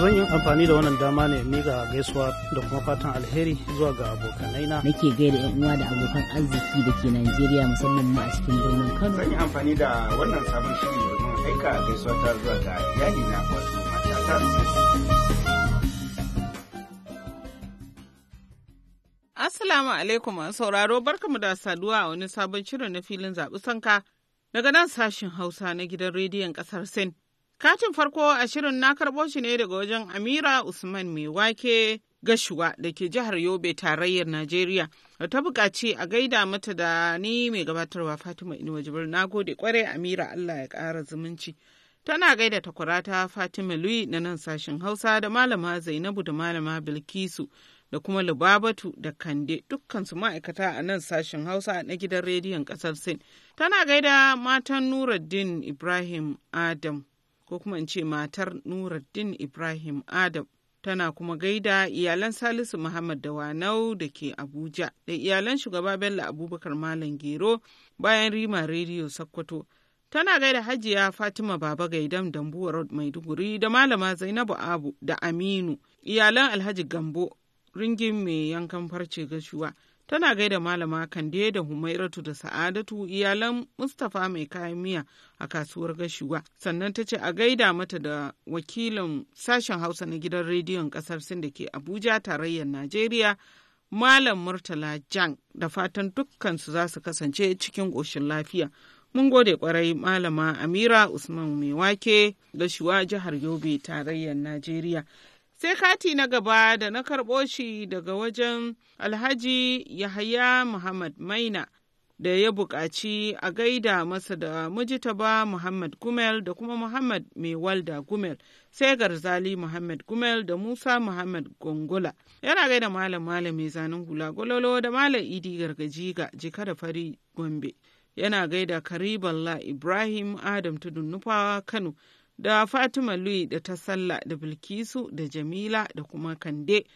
zan yi amfani da wannan dama ne ni ga gaisuwa da kuma fatan alheri zuwa ga abokanai na. Nake gaida yan uwa da abokan arziki da ke Najeriya musamman ma a cikin birnin Kano. Zan yi amfani da wannan sabon shiri domin aika gaisuwa ta zuwa ga iyali na wato matata. Assalamu alaikum an sauraro barkamu da saduwa a wani sabon shirin na filin zaɓi sanka daga nan sashin Hausa na gidan rediyon ƙasar Sin. Katin farko a shirin na karbo shi ne daga wajen Amira Usman mai wake gashuwa da ke jihar Yobe tarayyar Najeriya. Da ta buƙaci a gaida mata da ni mai gabatarwa Fatima Inuwa Jibril na gode kwarai Amira Allah ya ƙara zumunci. Tana gaida takwarata Fatima Lui na nan sashen Hausa da Malama Zainabu da Malama Bilkisu da kuma Lubabatu da Kande dukkansu ma'aikata a nan sashen Hausa na gidan rediyon ƙasar Sin. Tana gaida matan Nuruddin Ibrahim Adam ko kuma in ce matar Nuruddin Ibrahim Adam. Tana kuma gaida iyalan Salisu Muhammad da Wanau da ke Abuja da iyalan shugaba Bello Abubakar Malam Gero bayan Rima Rediyo Sokoto. Tana gaida Hajiya Fatima Baba Gaidam Dambuwa Road Maiduguri da Malama Zainabu Abu da Aminu iyalan Alhaji Gambo ringin mai yankan farce gashuwa Tana gaida malama Kande da Humairatu da Sa'adatu iyalan Mustapha mai kayan miya a kasuwar gashuwa. Sannan ta ce a gaida mata da wakilin sashen Hausa na gidan rediyon kasar Sin da ke Abuja tarayyar Najeriya Malam Murtala Jan da fatan dukkansu za su kasance cikin ƙoshin lafiya. Mun gode kwarai Malama Amira Usman mai wake gashuwa jihar Yobe tarayyar Najeriya. sai kati na gaba da na karɓo shi daga wajen alhaji yahaya muhammad maina da ya buƙaci a gaida masa da mujitaba muhammad gumel da kuma muhammad mai walda gumel sai garzali muhammad gumel da musa muhammad gongola yana gaida malam malam mai zanen hula gololo da malam idi gargaji ga jika da fari gombe yana gaida karibala ibrahim adam tudun nufawa kano da Fatima Lui da ta Sallah da Bilkisu da Jamila da kuma Kande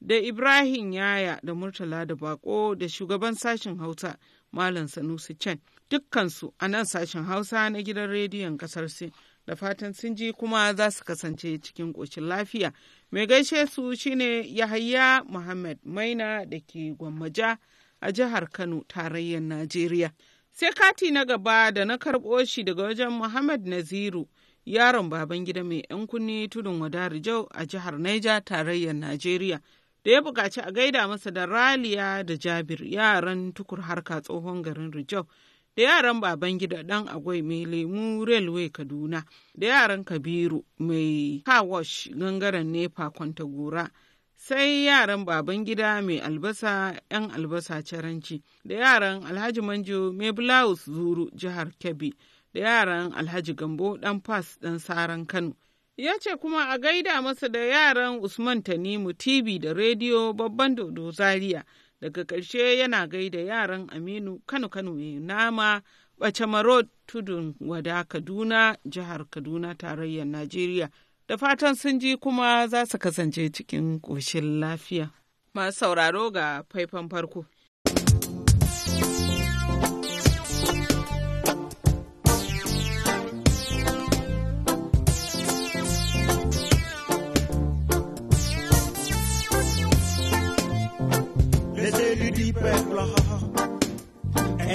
da Ibrahim Yaya da Murtala da Bako da shugaban sashen Hausa Malam Sanusi Chen dukkansu a nan sashen Hausa na gidan rediyon kasar Sin da fatan sun ji kuma za su kasance cikin ƙoshin lafiya. Mai gaishe su shine Yahaya Muhammad Maina da ke Gwammaja a jihar Kano tarayyar Najeriya. Sai kati na gaba da na karɓo shi daga wajen Muhammad Naziru. yaron baban gida mai 'yan kunne tudun wadari jau a jihar Niger tarayyar Najeriya da ya buƙaci a gaida masa da Raliya da Jabir yaran tukur harka tsohon garin Rijau da yaran baban gida ɗan agwai mai lemu railway Kaduna da yaran Kabiru mai kawash gangaren nepa gora, sai yaran baban gida mai albasa 'yan albasa caranci da yaran alhaji manjo mai blouse zuru jihar kebbi da yaran Alhaji Gambo ɗan fas ɗan saran Kano. Ya ce kuma a gaida masa da yaran Usman Tanimu TV da rediyo babban dodo Zaria. Daga ƙarshe yana gaida yaran Aminu Kano Kano mai nama Bacamaro Tudun Wada Kaduna jihar Kaduna tarayyar Najeriya. Da fatan sun ji kuma za su kasance cikin ƙoshin lafiya. Masu sauraro ga faifan farko.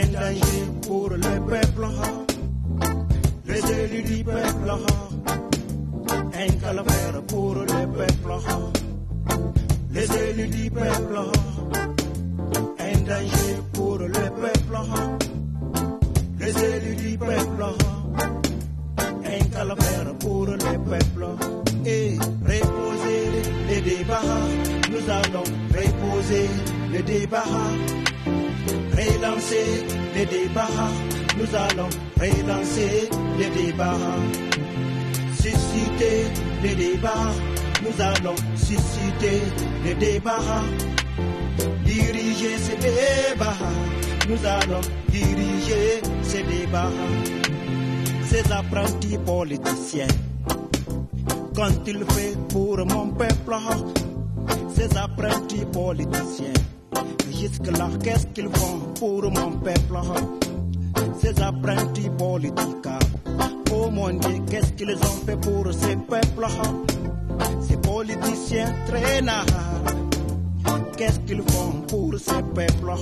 un danger pour le peuple, les élus du peuple, un calvaire pour le peuple, les élus du peuple, un danger pour le peuple, les élus du peuple, un calvaire pour le peuple. Et reposer les débats, nous allons reposer les débats. Rélancer les débats. Nous allons relancer les débats. Susciter les débats. Nous allons susciter les débats. Diriger ces débats. Nous allons diriger ces débats. Ces apprentis politiciens. Quand il fait pour mon peuple, ces apprentis politiciens disque-là, qu'est-ce qu'ils font pour mon peuple Ces apprentis politiques, oh mon Dieu, qu'est-ce qu'ils ont fait pour ces peuples Ces politiciens traînards, qu'est-ce qu'ils font pour ces peuples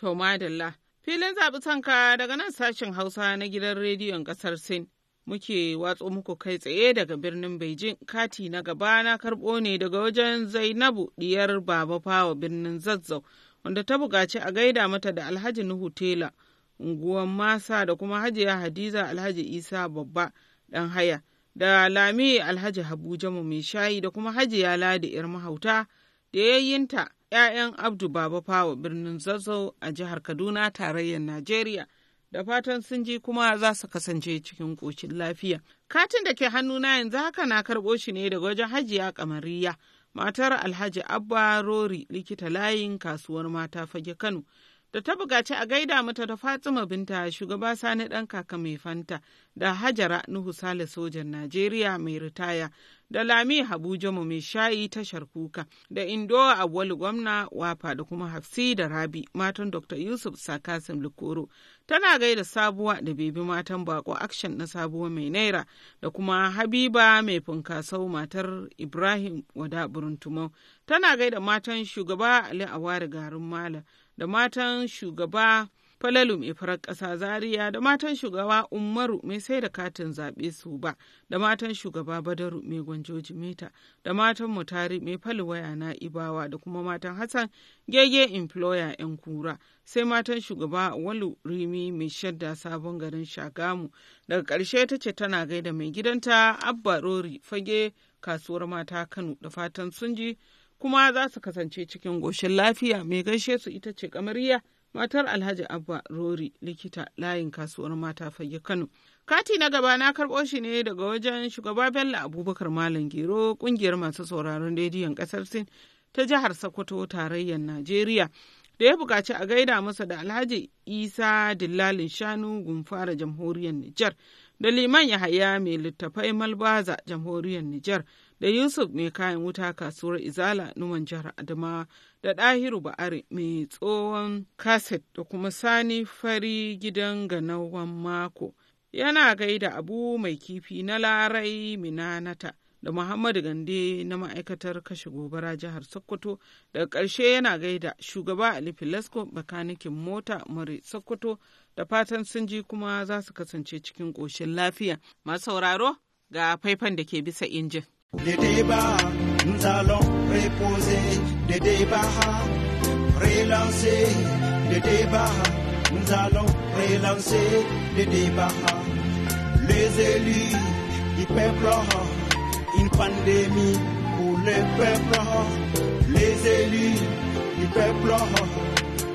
To madalla, filin zaɓi sanka daga nan sashen Hausa na gidan rediyon ƙasar Sin. muke watso muku kai tsaye daga birnin Beijing kati na gaba na karɓo ne daga wajen Zainabu diyar Baba Fawa birnin Zazzau wanda ta buƙaci a gaida mata da Alhaji Nuhu Tela unguwan Masa da kuma Hajiya Hadiza Alhaji Isa Babba dan haya da Lami Alhaji Habu Jamu mai shayi da kuma Hajiya Ladi ‘yar mahauta da yayyinta ‘ya'yan Abdu Baba Fawa birnin Zazzau a jihar Kaduna tarayyar Najeriya. da fatan sun ji kuma za su kasance cikin ƙoshin lafiya. Katin da ke hannu na yanzu haka na karɓo shi ne daga wajen hajiya kamariya matar Alhaji Abba Rori likita layin kasuwar mata fage Kano. Da ta bugaci a gaida mata da Fatima Binta shugaba Sani ɗan kaka mai fanta da Hajara Nuhu Sale sojan Najeriya mai ritaya da Lami Habu Jamo mai shayi tashar kuka da Indo Awwalu gwamna wafa da kuma Hafsi da Rabi matan Dr. Yusuf Sakasim Lukoro tana gaida sabuwa da bebi matan bako action na sabuwa mai naira da kuma habiba mai funkasau matar ibrahim wada buruntumau tana gaida matan shugaba ali awari garin mala da matan shugaba falalu mai farar ƙasa Zariya da matan shugaba umaru mai sai da katin zaɓe su ba da matan shugaba badaru mai gwanjoji meta da matan mutari mai waya na ibawa da kuma matan hassan gege employer yan kura sai matan shugaba walu rimi mai shadda sabon garin shagamu daga ƙarshe ta ce tana gaida mai gidanta abba rori fage kasuwar mata kano da fatan sun ji kuma za su kasance cikin goshin lafiya mai gaishe su ita ce kamariya matar alhaji abba rori likita layin kasuwar mata fage kano kati na gaba na karɓo shi ne daga wajen shugaba bello abubakar malam gero ƙungiyar masu sauraron rediyon ƙasar sin ta jihar sokoto tarayyar najeriya da ya buƙaci a gaida masa da alhaji isa dillalin shanu gumfara jamhuriyar nijar da liman yahaya mai littafai malbaza jamhuriyar nijar da Yusuf mai kayan wuta kasuwar Izala Numan jihar Adamawa da Ɗahiru Ba'ari mai tsohon kaset da kuma Sani Fari gidan ganawan mako. Yana gaida abu mai kifi na larai minanata da Muhammadu Gande na ma'aikatar kashe gobara jihar Sokoto daga ƙarshe yana gaida shugaba Ali Filasko bakanikin mota mare Sokoto da fatan sun ji kuma za su kasance cikin ƙoshin lafiya. Masu sauraro ga faifan da ke bisa injin. Les débats, nous allons reposer des débats, relancer des débats, nous allons relancer des débats. Les élus du peuple, une pandémie pour le peuple, les élus du peuple,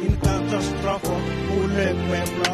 une catastrophe pour le peuple.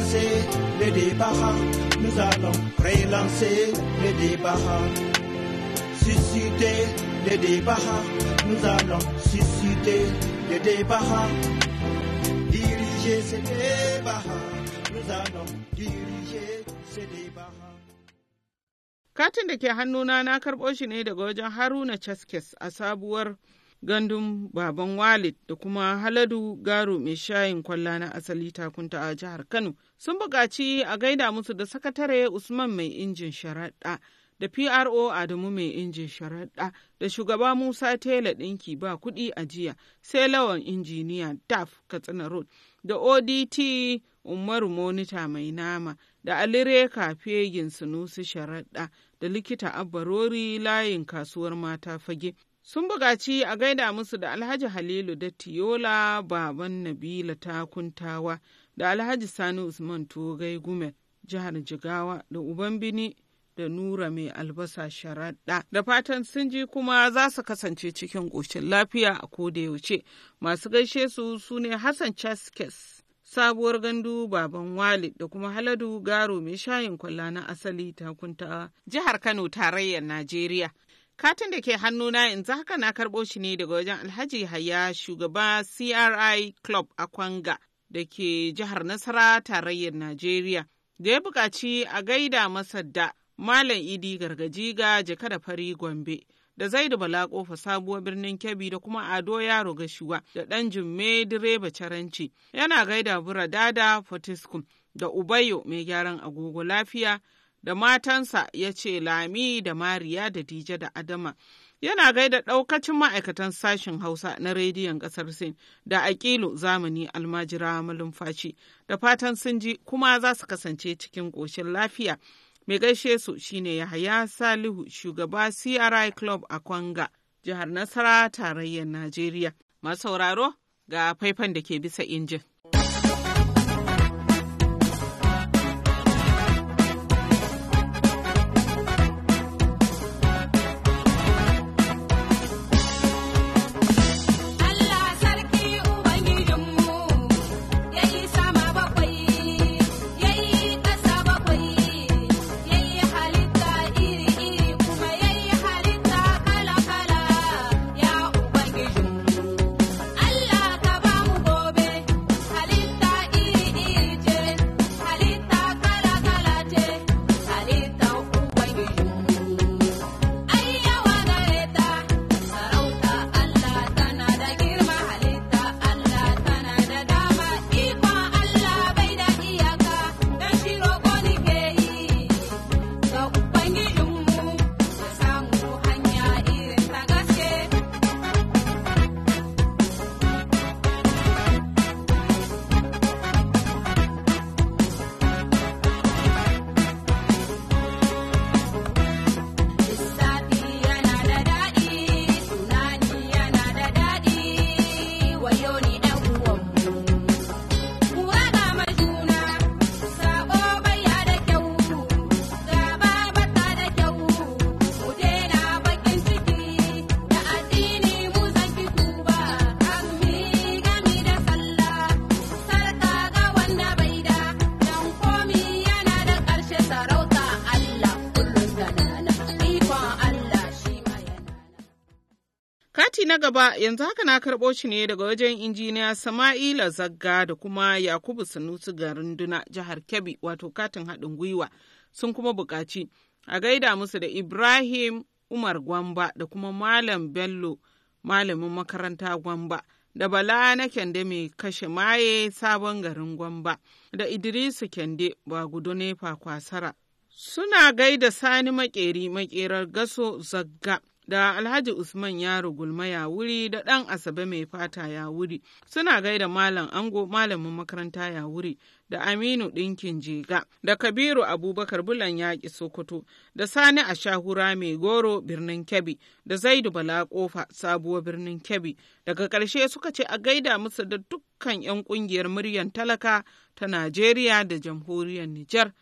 lancer les débats, nous allons relancer les débats. Susciter les débats, nous allons susciter les débats. Diriger ces débats, nous allons diriger ces débats. Katin da ke hannuna na karɓo shi ne daga wajen Haruna Chaskes a sabuwar gandun baban walid da kuma haladu garo mai shayin kwalla na asali takunta a jihar kano sun buƙaci a gaida musu da sakatare usman mai injin sharaɗa da pro adamu mai injin sharaɗa da shugaba musa tela ɗinki ba kuɗi a jiya sai lawan injiniya Taf katsina road da odt umaru monita mai nama da alireka fegin sunusi sharaɗa da likita abarori layin kasuwar mata fage sun bugaci a gaida musu da alhaji halilu da tiyola baban nabila takuntawa da alhaji sani usman togai gumel jihar jigawa da uban bini da nura mai albasa sharaɗa da fatan sun ji kuma za su kasance cikin ƙoshin lafiya a koda yaushe masu gaishe su su ne hassan chaskes sabuwar gandu baban Wali, da kuma haladu garo mai shayin kwalla na asali takuntawa. jihar kano tarayyar najeriya Katin da ke hannuna za haka na karɓo shi ne daga wajen Alhaji Haya shugaba CRI Club a Kwanga da ke jihar Nasara tarayyar Najeriya da ya buƙaci a gaida masa da Malam Idi Gargajiga jaka da fari Gombe da Zaidu Bala Kofa sabuwar birnin Kebbi da kuma Ado Yaro Gashuwa da ɗan Jumme Direba Caranci yana gaida Bura Dada Fortescue da Ubayo mai gyaran agogo lafiya da matansa ya ce Lami da Mariya da Dije da Adama. Yana gaida ɗaukacin ma'aikatan sashen Hausa na rediyon ƙasar Sin da aƙilu zamani almajira malumfaci da fatan sun ji kuma za su kasance cikin ƙoshin lafiya. Mai gaishe su shine Yahaya Salihu shugaba CRI Club a Kwanga, jihar Nasara tarayyar Najeriya. Masu sauraro ga faifan da ke bisa injin. gaba yanzu haka na karɓo shi ne daga wajen injiniya Sama'ila Zagga da kuma Yakubu Sanusi garin Duna jihar Kebbi wato katin haɗin gwiwa sun kuma buƙaci a gaida musu da Ibrahim Umar Gwamba da kuma Malam Bello malamin makaranta Gwamba. da Bala na Kende mai kashe maye sabon garin Gwamba da Idrisu Kende ba gudu nefa kwasara. Suna gaida sani makeri makerar gaso zagga da Alhaji Usman Yaro Gulma ya wuri da ɗan Asabe mai fata ya wuri suna gaida Malam Ango malamin makaranta ya wuri da Aminu Ɗinkin Jega da Kabiru Abubakar Bulan Yaƙi Sokoto da Sani a shahura Mai Goro birnin Kebbi da Zaidu Bala Kofa sabuwa birnin Kebbi daga ƙarshe suka ce a gaida musu da dukkan 'yan ƙungiyar muryar talaka ta Najeriya da jamhuriyar Nijar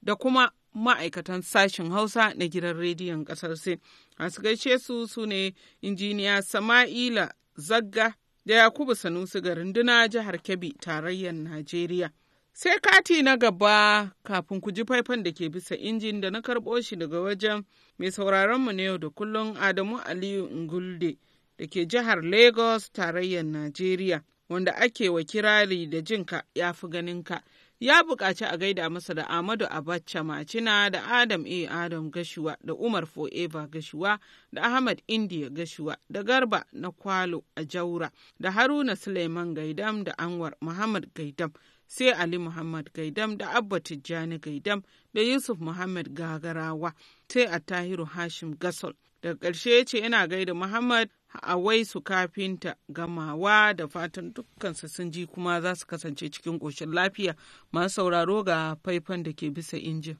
da kuma ma'aikatan sashen Hausa na gidan rediyon ƙasar Sin Masu gaishe su su ne injiniya Sama'ila Zagga da Yakubu Sanusi garin Duna jihar Kebbi tarayyar Najeriya. Sai kati na gaba kafin ku ji faifan da ke bisa injin da na karɓo shi daga wajen mai sauraronmu na yau da kullum Adamu Aliyu Ngulde da ke jihar Lagos tarayyar Najeriya wanda ake wa kirari da jinka ya fi ganinka. ya buƙaci a gaida masa da Ahmadu Abacha Macina da Adam A. Adam Gashuwa da Umar Fo'eva Gashuwa da Ahmad India Gashuwa da Garba na Kwalo a Jaura da Haruna Suleiman Gaidam da Anwar Muhammad Gaidam sai Ali Muhammad Gaidam da Abba Tijjani Gaidam da Yusuf Muhammad Gagarawa sai a Tahiru Hashim Gasol. daga ƙarshe ya ce yana gaida Muhammad wai su kafinta gamawa da fatan dukkansu sun ji kuma za su kasance cikin ƙoshin lafiya masu sauraro ga faifan da ke bisa injin.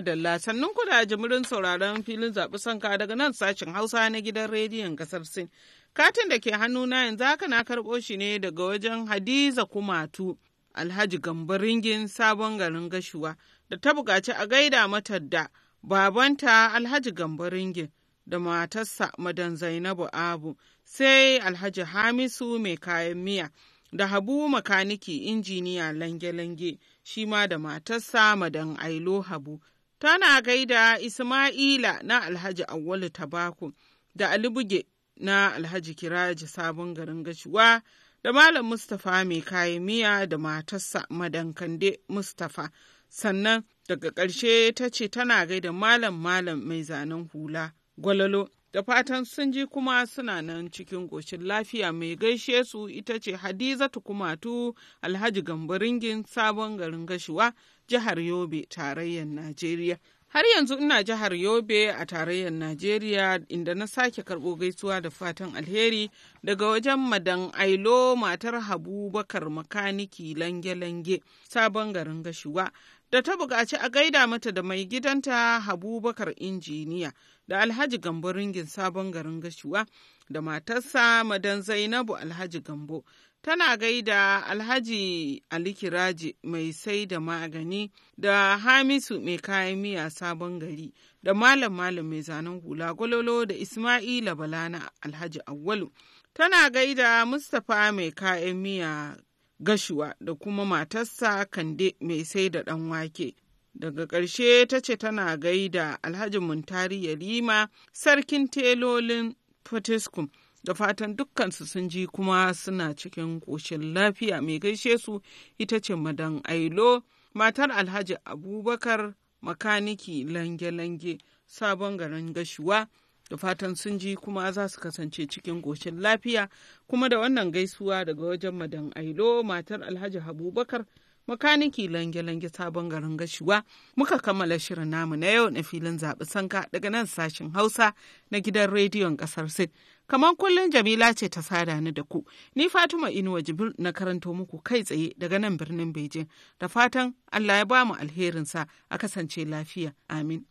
madalla sannan kuna jimirin sauraron filin zaɓi sanka daga nan sashen hausa na gidan rediyon ƙasar sin katin da ke hannu hannuna yanzu haka na karɓo shi ne daga wajen hadiza kumatu alhaji gambaringin sabon garin gashuwa da ta buƙaci a gaida mata da babanta alhaji gambaringin da matarsa madan zainabu abu sai alhaji hamisu mai kayan miya da habu makaniki injiniya lange-lange shi ma da matarsa madan ailo habu tana gaida Ismaila na Alhaji Auwalu Tabaku da Ali Buge na Alhaji Kiraji Sabon Garin Gashuwa da Malam Mustapha mai kayan miya da matarsa Madankande Mustapha. Sannan daga ƙarshe ta ce tana gaida Malam Malam mai zanen hula gwalalo. Da fatan sun ji kuma suna nan cikin koshin lafiya mai gaishe su ita ce Hadizatu Kumatu Alhaji Gambaringin Sabon Garin Gashuwa jihar Yobe tarayyar Najeriya. Har yanzu ina jihar Yobe a tarayyar Najeriya inda na sake karɓo gaisuwa da fatan alheri daga wajen madan Ailo matar Habu Bakar makaniki lange-lange sabon garin gashiwa da ta buƙaci a gaida mata da mai gidanta Habu Bakar injiniya da Alhaji Gambo ringin sabon garin gashiwa da matarsa madan Zainabu Alhaji Gambo tana gaida alhaji ali Kiraje, mai sai da magani da hamisu mai kayan miya sabon gari da malam malam mai zanen hula gwalolo da ismaila balana alhaji awwalu tana gaida mustapha mai kayan miya gashuwa da kuma matarsa kande mai sai da ɗan wake daga ƙarshe ta ce tana gaida alhaji muntari yalima sarkin telolin fatiskum da fatan dukkansu sun ji kuma suna cikin ƙoshin lafiya mai gaishe su ita ce madan ailo matar alhaji abubakar makaniki lange-lange sabon garin gashuwa da fatan sun ji kuma za su kasance cikin ƙoshin lafiya kuma da wannan gaisuwa daga wajen madan ailo matar alhaji abubakar makaniki lange-lange sabon garin gashiwa muka kammala shirin namu na yau na filin zaɓi sanka daga nan sashen hausa na gidan rediyon ƙasar sin kamar kullum jamila ce ta sada ni da ku ni fatima inuwa jibil na karanto muku kai tsaye daga nan birnin beijing da fatan allah ya bamu alherinsa a kasance lafiya amin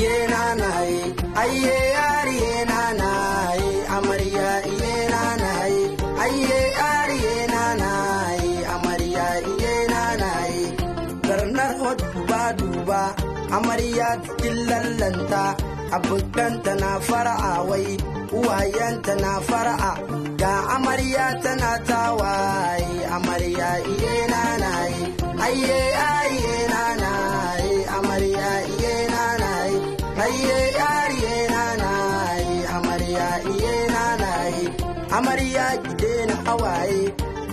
yeah, na na danta abokanta na fara'a wai uwayenta na fara'a ga amarya tana tawaye amarya iye na, aye aye na nanaye amarya iye na, aye aiye na nanaye amarya iye na, nanaye amarya gide na hawaye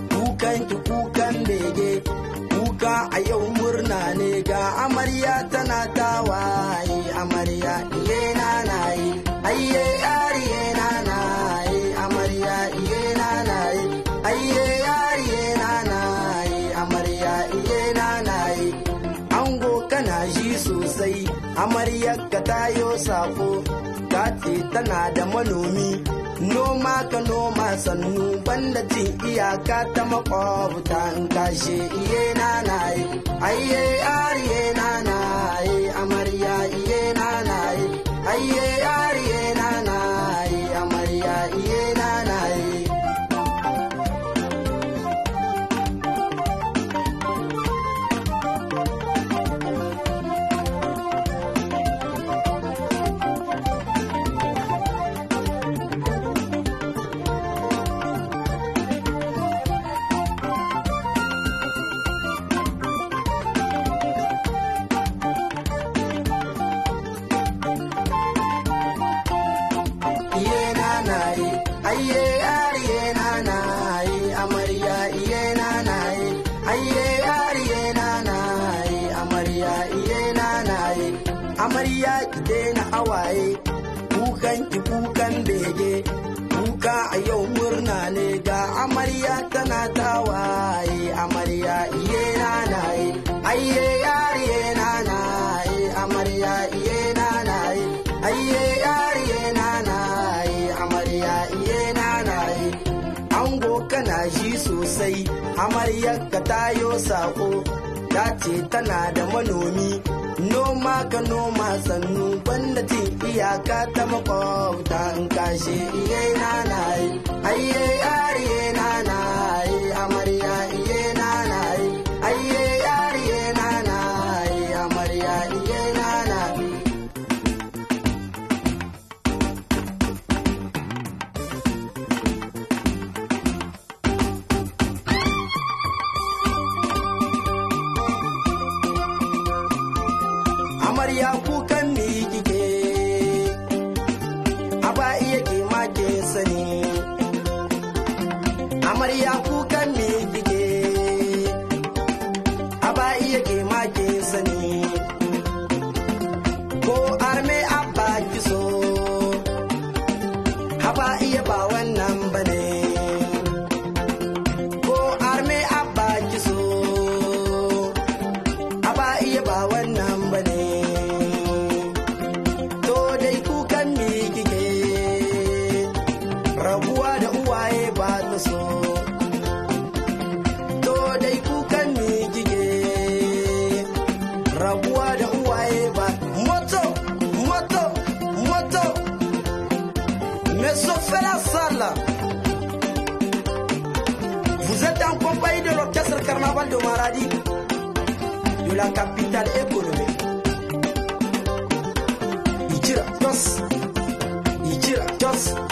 kukan ki kukan bege kuka a yau murna ne ga amarya tana ta tana da manomi noma ka noma sannu banda cin iyaka ta makwabta in kashe iye yi aiye ariye yi amarya iye na na yi aiye ariye yashi sosai amaryar ka tayo sako ta ce tana da manomi noma ka noma sannu banda iyaka ta makwabta in kashe iya na na yi na na Yes.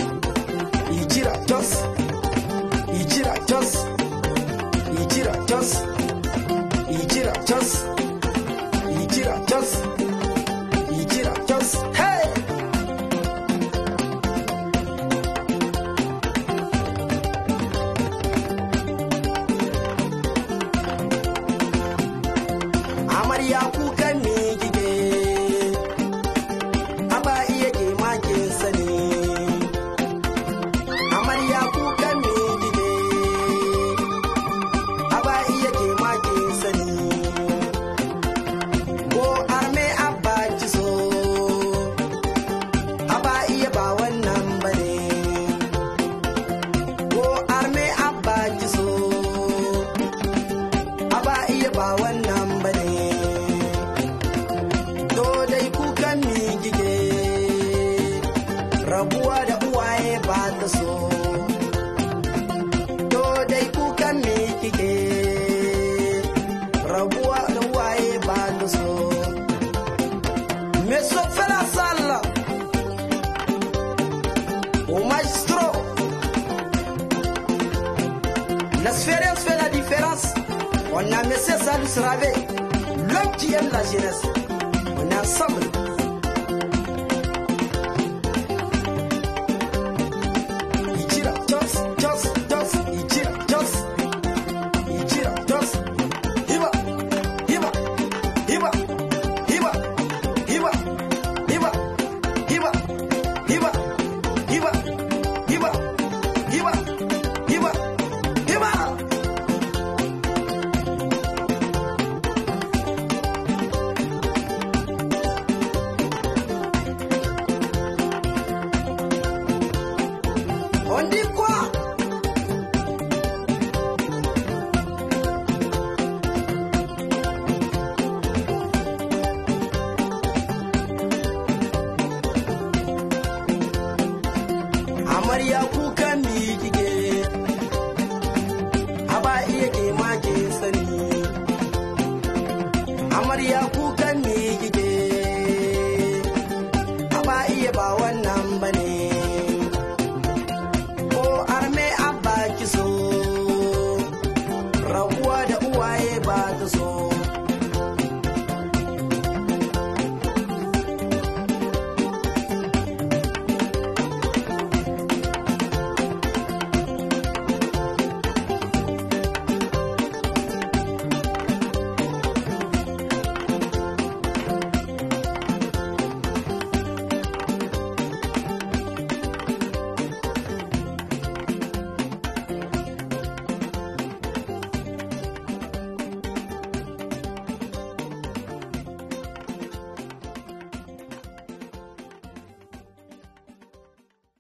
Social Naciones.